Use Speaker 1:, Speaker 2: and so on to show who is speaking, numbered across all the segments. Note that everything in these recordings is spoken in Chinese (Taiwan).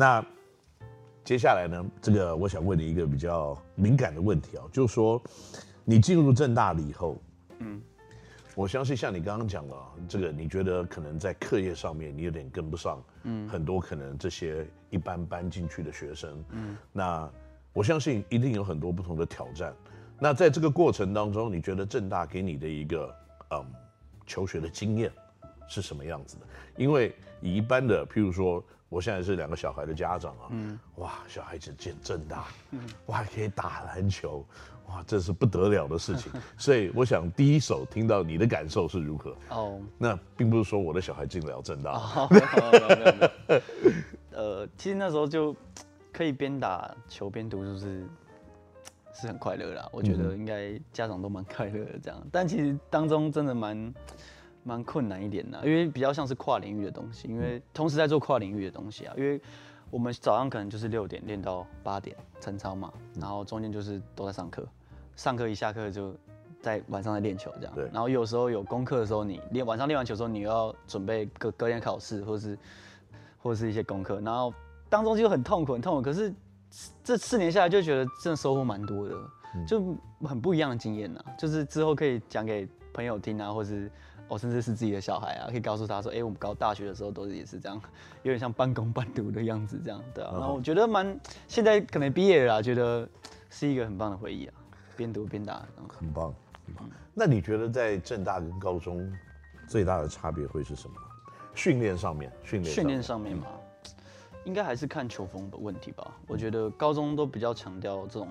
Speaker 1: 那接下來呢？這個我想問你一個比較敏感的問題啊，就是說你進入政大了以後，嗯，我相信像你剛剛講的這個你覺得可能在課業上面你有點跟不上，嗯，很多可能這些一般班進去的學生，嗯，那我相信一定有很多不同的挑戰。那在這個過程當中，你覺得政大給你的一個嗯求學的經驗是什麼樣子的？因為以一般的，譬如說。我現在是兩個小孩的家長啊，嗯、哇，小孩子進正大，嗯、哇，還可以打籃球，哇，這是不得了的事情。 所以我想第一手聽到你的感受是如何？哦，那並不是說我的小孩進不了正大。沒有沒有沒
Speaker 2: 有。呃，其實那時候就可以邊打球邊讀書，是是很快樂啦。嗯、我覺得應該家長都蠻快樂的這樣，但其實當中真的蠻。蠻困難一點的，因為比較像是跨領域的東西，因為同時在做跨領域的東西啊，因為我們早上可能就是六點練到八點晨操嘛，然後中間就是都在上課，上課一下課就在晚上在練球這樣，對。然後有時候有功課的時候你練，你練晚上練完球之後，你又要準備隔隔天考試，或是，或者是一些功課，然後當中就很痛苦很痛苦，可是這四年下來就覺得真的收穫蠻多的，就很不一樣的經驗吶，就是之後可以講給朋友聽啊，或是。哦，甚至是自己的小孩啊，可以告訴他說，哎、欸，我們高大學的時候都是也是這樣，有點像半工半讀的樣子，這樣對啊。嗯、然後我覺得蠻，現在可能畢業了，覺得是一個很棒的回憶啊，邊讀邊打，很
Speaker 1: 棒。嗯、那你覺得在政大跟高中最大的差別會是什麼？訓練上面，訓練訓練上面嘛，應該還是看球風的問題吧。
Speaker 2: 我覺得高中都比較強調這種。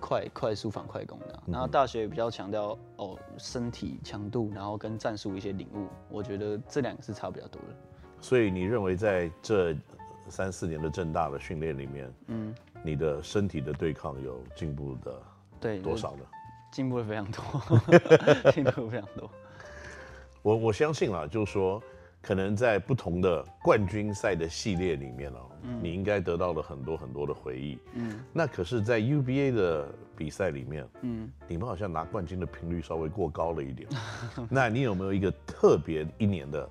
Speaker 2: 快快速反快攻的，啊，然後大學也比較強調哦，身體強度，然後跟戰術一些領悟，我覺得這兩個是差比較多的。
Speaker 1: 所以你認為在這三四年的政大的訓練裡面，嗯，你的身體的對抗有進步的多少呢？進步， 步非
Speaker 2: 常多，進步非常
Speaker 1: 多。我我相信啦，就是說。可能在不同的冠軍賽的系列裡面哦，嗯，你應該得到了很多很多的回憶。嗯，那可是，在 UBA 的比賽裡面，嗯，你們好像拿冠軍的頻率稍微過高了一點。 那你有沒有一個特別一年的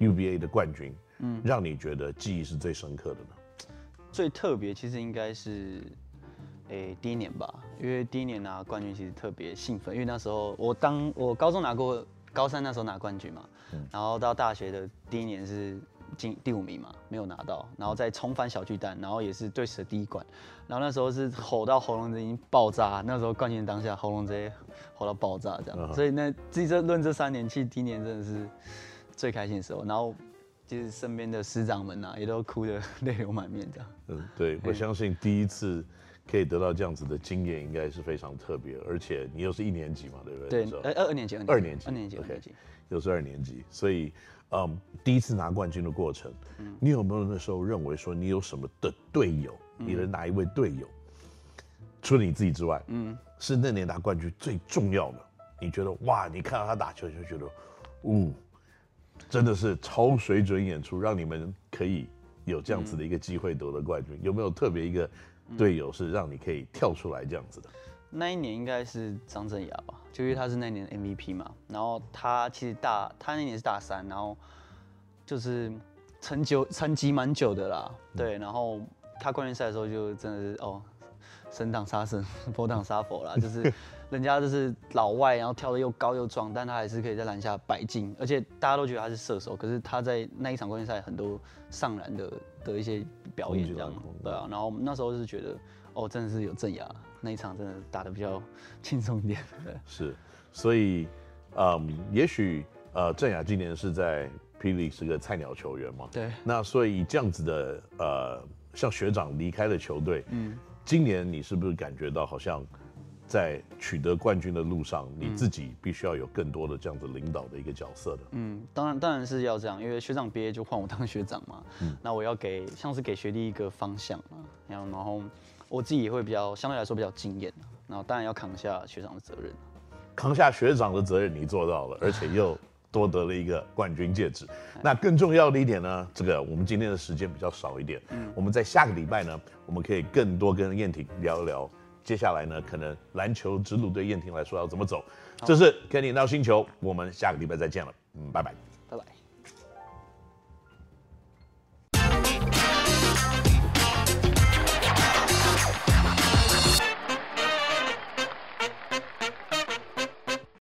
Speaker 1: UBA 的冠軍，嗯，讓你覺得記憶是最深刻的呢？最
Speaker 2: 特別其實應該是，誒，第一年吧，因為第一年拿冠軍其實特別興奮，因為那時候我當我高中拿過。高三那時候拿冠軍嘛，然後到大學的第一年是第第五名嘛，沒有拿到，然後再重返小巨蛋，然後也是隊史的第一冠，然後那時候是吼到喉嚨已經爆炸，那時候冠軍當下喉嚨直接吼到爆炸這樣，所以那這這論這三年去，第一年真的是最開心的時候，然後就是身邊的師長們啊，也都哭得淚流滿面這樣。
Speaker 1: 嗯，對，我相信第一次。可以得到這樣子的經驗，應該是非常特別，而且你又是一年級嘛，對不對？對，二
Speaker 2: 二年級，
Speaker 1: 二年級，二年級，二年級，又是二年級，所以，嗯，第一次拿冠軍的過程，嗯、你有沒有那時候認為說你有什麼的隊友？嗯、你的哪一位隊友，除了你自己之外，嗯，是那年拿冠軍最重要的？你覺得哇，你看到他打球就覺得，嗯、哦，真的是超水準演出，讓你們可以。有這樣子的一個機會奪得冠軍，嗯、有沒有特別一個隊友是讓你可以跳出來這樣子的？那一年應該是
Speaker 2: 張鎮衙吧，就因、是、為他是那年的 MVP 嘛。然後他其實大，他那年是大三，然後就是成就沉寂蠻久的啦。嗯、對，然後他冠軍賽的時候就真的是哦。神擋殺神，佛擋殺佛啦，就是人家就是老外，然後跳得又高又壯，但他還是可以在籃下擺進，而且大家都覺得他是射手，可是他在那一場關鍵賽很多上籃的的一些表演這樣，對啊，然後我們那時候就是覺得哦、喔，真的是有鄭雅那一場真的打得比較輕鬆一點，
Speaker 1: 是，所以，嗯，也許呃鄭雅今年是在霹靂是個菜鳥球員嘛，對，那所以這樣子的呃，像學長離開了球隊，嗯。今年你是不是感覺到好像在取得冠軍的路上，你自己必須要有更多的這樣子領導的一個角色的？嗯，
Speaker 2: 當然當然是要這樣，因為學長畢業就換我當學長嘛。嗯，那我要給像是給學弟一個方向嘛，然後我自己也會比較相對來說比較經驗，然後當然要扛下學長的
Speaker 1: 責任。扛下學長的責任，你做到了，而且又。 奪得了一個冠軍戒指。那更重要的一點呢？這個我們今天的時間比較少一點，嗯、我們在下個禮拜呢，我們可以更多跟彥廷聊一聊。接下來呢，可能籃球之路對彥廷來說要怎麼走。這是 Kenny NOW 星球，嗯、我們下個禮拜再見了。嗯，拜拜。